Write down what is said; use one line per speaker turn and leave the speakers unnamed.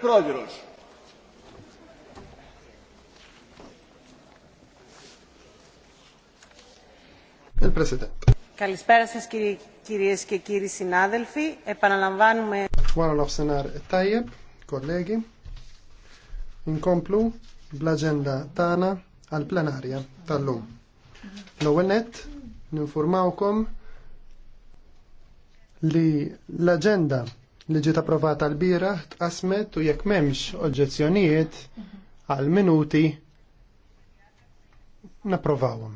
πρόεδρος.
Καλησπέρα σας κύριε, κυρίες και κύριοι συνάδελφοι. Επαναλαμβάνουμε...
Wara l-offsenar tajjeb, kollegi, inkomplu bl-agenda tagħna għal-plenarja tal-lum. L-ewwel li l li ġiet approvata l-bira tqasmet u
jekk m'hemmx oġġezzjonijiet għal minuti napprovawhom.